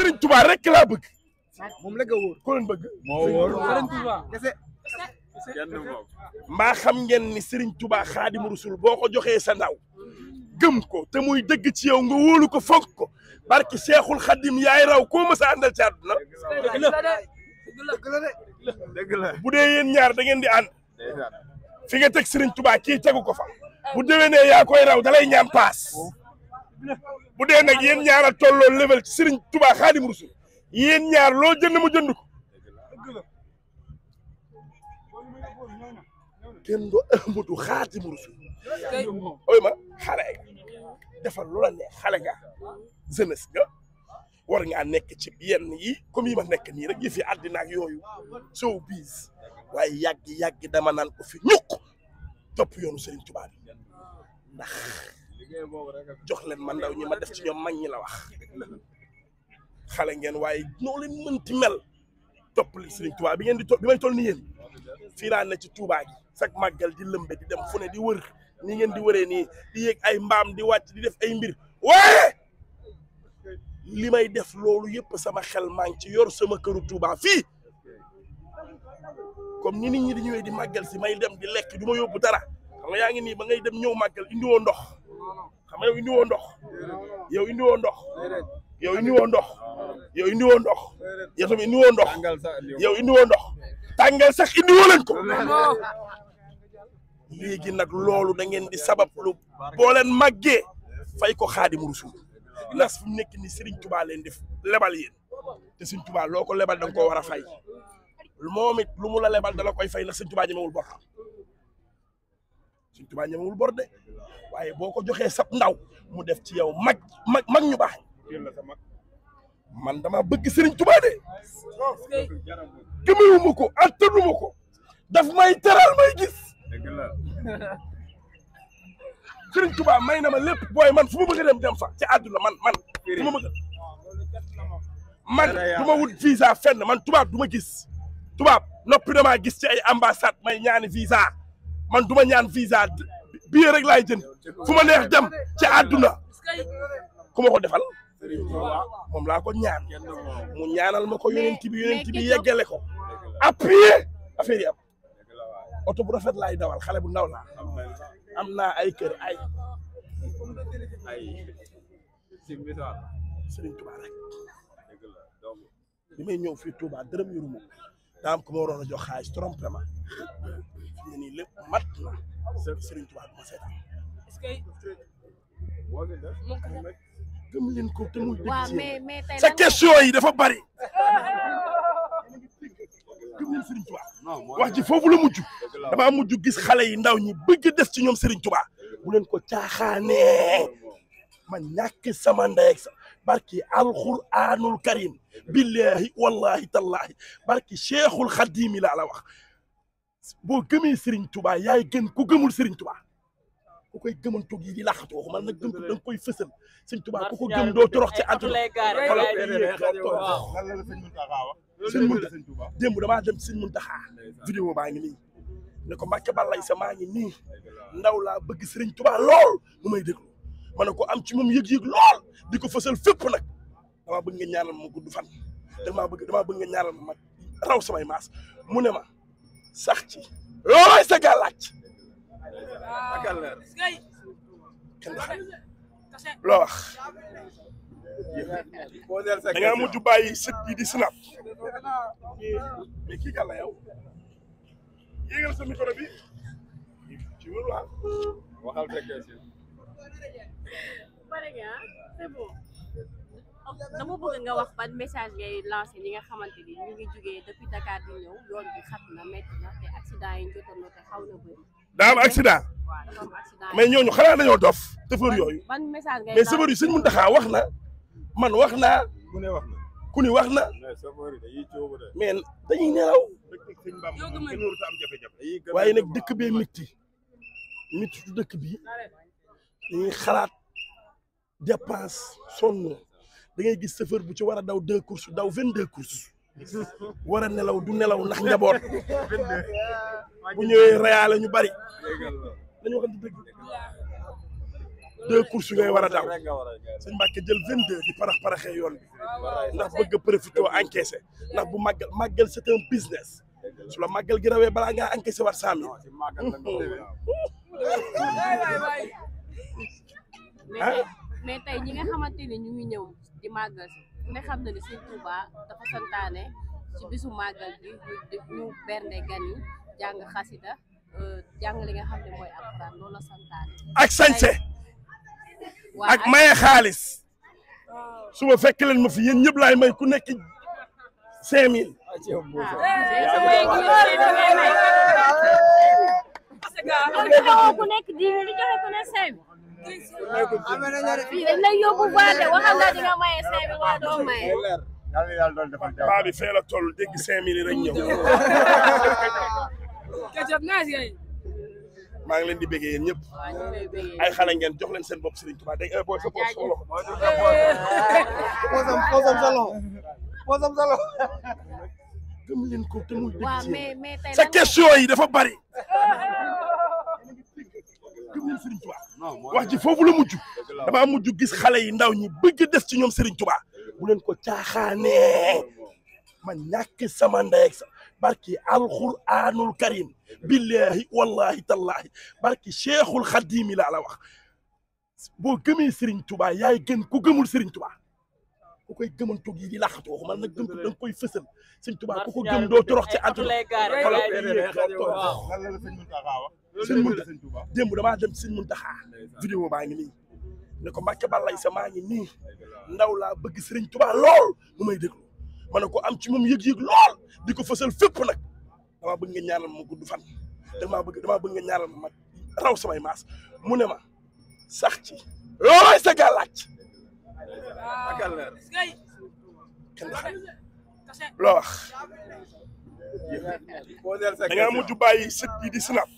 Serigne Touba rek laa bëgg. moom la nga bëgg. moo wóor mbaa xam ngeen ni Serigne Touba xaadimu rasul boo ko joxee sa ndaw. gëm ko te muy dëgg ci yow nga wóolu ko foog ko barki Seexul Xadim yaay raw koo mës a àndal ci àdduna. dëgg la la bu dee yéen ñaar da ngeen di ànd. fi nga teg Serigne tubaa kii tegu ko fa. bu déwénee yaa koy raw dalay ñaan paas. bu dee nag yéen ñaar a tolloo level ci Serigne Touba Xaadim Rasul yéen ñaar loo jënd mu jënd ko kenn du Ahmadu Xaadim Rasul oy ma xale nga defal lu la neex xale nga jeunesse nga war ngaa nekk ci yenn yi comme yi ma nekk nii rek yi fi àddina ak yooyu sow biis waaye yàgg-yàgg dama nan ko fi ñukk topp yoonu Serigne Touba bi ndax jox leen man ndaw ñi ma def ci ñoom mañ ñi la wax xale ngeen waaye noo leen mënti mel topp li Sëriñ Tuubaa bi ngeen di topp bi may toll nii yéen fii laa ci Tuubaa gi chaque màggal di lëmbe di dem fu ne di wër ni ngeen di wëree nii di yéeg ay mbaam di wàcc di def ay mbir waaye li may def loolu yëpp sama xel maa ngi ci yor sama këru Tuubaa fii comme ni nit ñi di ñëwee di màggal si may dem di lekk du ma yóbbu dara xam yaa ngi nii ba ngay dem ñëw màggal indiwoo ndox xam nga yow indiwoo ndox yow indiwoo ndox yow indiwoo ndox yow indiwoo ndox yow tamit indiwoo ndox yow indiwoo ndox tàngal sax indiwoo lañ ko léegi nag loolu da di sabab lu boo leen màggee fay ko xaadim rusul nas fu mu nekk ni Serigne Touba leen def lebal yéen te Serigne Touba loo ko lebal dang nga koo war a fay lu it lu mu la lebal dala koy fay ndax Serigne Touba ñemewul bor suñ tubaa ñemewul bor de waaye boo ko joxee sab ndaw mu def ci yow mag mag mag ñu baax man dama bëgg siriñ tubaa de gëmewuma ko attanuma ko daf may teral may gis sëriñ tubaa may na ma lépp booy man fu ma bëgg dem dem fa ci àdduna man man fu ma bëgg man du ma wut visa fenn man tubaab du ma gis tubaab noppi damaa gis ci ay ambassade may ñaani visa man du ma ñaan visa billet rek laay jënd fu ma neex dem ci àdduna ku ma ko defal moom laa ko ñaan mu ñaanal ma ko yonent bi yonent bi yeggale ko appuyer affaire yi am oto bu rafet laay dawal xale bu ndaw laa am naa ay kër ay Sëriñ Tuubaa rek may ñëw fii Tuubaa dërëm yoruma daa am ko ma waroon a jox xaalis trompé ma nii lépp mat na Serigne Touba moo leen ko te muy dëgg yi dafa bari. gëm leen Serigne Touba wax ji euh, foofu la mujj damaa gis xale yi ndaw ñi bëgg def ci ñoom Serigne Touba bu leen ko caaxaanee ma ñàkk sama ndey ak sa barki alxuraanul karim billahi wallahi tallahi barki cheikhul xadimi laa la wax. boo gëmee Serigne Touba yaay gën ku gëmul Serigne Touba ku koy gëmantoog yi di laxatu waxuma nag gëm ko da nga koy fësal Serigne Touba ku ko gëm doo torox ci àdduna xoolal sëñ Muntaxa démb damaa dem mun Muntaxa vidéo baa ngi nii ne ko Mbàkke Balaye sa ngi nii ndaw laa bëgg Serigne Touba lool mu may déglu ma ne ko am ci moom yëg-yëg lool di ko fësal fépp nag damaa bëgg nga ñaanal ma gudd fan damaa bëgg damaa bëgg nga ñaanal ma raw samay maas mu ne ma sax ci loolooy sa gàllaaj loo wax da ngaa mujj bàyyi sit di snap mais kii gàlla yow yéegal sa micro bi ci wër waxal dama bëgg nga wax ban message ngay lancé ñi nga xamante ni ñu ngi jugee depuis Dakar di ñëw yoon bi xat na métti na te accident yi jotoon na te xaw na bëri. daa am accident. mais ñooñu xanaa dañoo dof. tëfër yooyu mais sëfër yi sëñ Mountakha wax na man wax naa. ku wax na ku ne wax na. mais dañuy nelaw. waaye nag dëkk bee métti métti dëkk bi dañuy xalaat dépense sonn. da ngay gis chauffeur bu ci war a daw deux courses daw vingt deux courses war a nelaw du nelaw ndax njaboot bu ñëwee reyaale ñu bari dañu waxante dëgg deux courses ngay war a daw suñ Mbàkke jël vingt deux di parax paraxee yoon bi ndax bëgg a profité encaissé ndax bu màggal màggal c'est un business su la màggal gi rawee balaa ngaa encaissé war cent mille ah mais tey ñi nga xamante ne ñu ngi ñëw di màggal si ne xam na ni Sëñ Touba dafa santaane ci bisu màggal bi ñu bernde gan yi xasida euh, jàng li nga xam ne mooy alxuraan loolu la santaane ak sañse ak maye xaalis suba fekk leen ma fi yéen ñëpp may ku nekk cinq mille ku nekk dix mille joxe ku nekk cinq fii dañ lay yóbbu waate waxal nga di nga maye cinq mille waa doo maye. paa bi fee la toll dégg cinq mille rek ñëw. maa ngi leen di bëggee yéen ñëpp ay xale ngeen jox leen seen bopp Serigne Touba day booy sa bopp solo posam posam ko te muy dëgg sa question yi dafa bari bëggul Serigne Touba foofu la mujj damaa mujj gis xale yi ndaw ñi bëgg des ci ñoom Serigne Touba bu leen ko caaxaanee man ñàkk sama ndey ak sa barki alxuraanul karim billahi wallahi tallahi barki cheikhul xadimi la wax boo gëmee Serigne Touba yaay gën ku gëmul Serigne Touba ku koy gëmal toog yi di laxatu waxu man nag gëm ko da koy fësal Serigne Touba ku ko gëm doo torox ci àdduna sëñ Muntaxa démb damaa dem sëñ Muntaxa vidéo baa ngi nii ne ko Mbàkke Bàllay sa maa ngi nii ndaw laa bëgg sëriñ Tuubaa lool mu may déglu ma ne ko am ci moom yëg-yëg lool di ko fësal fépp nag damaa bëgg nga ñaanal ma gudd fan damaa bëgg damaa bëgg nga ñaanal ma raw samay maas mu ne ma sax ci loolooy sa gàllaaj kenn da ngaa mujj bàyyi site bi di Snap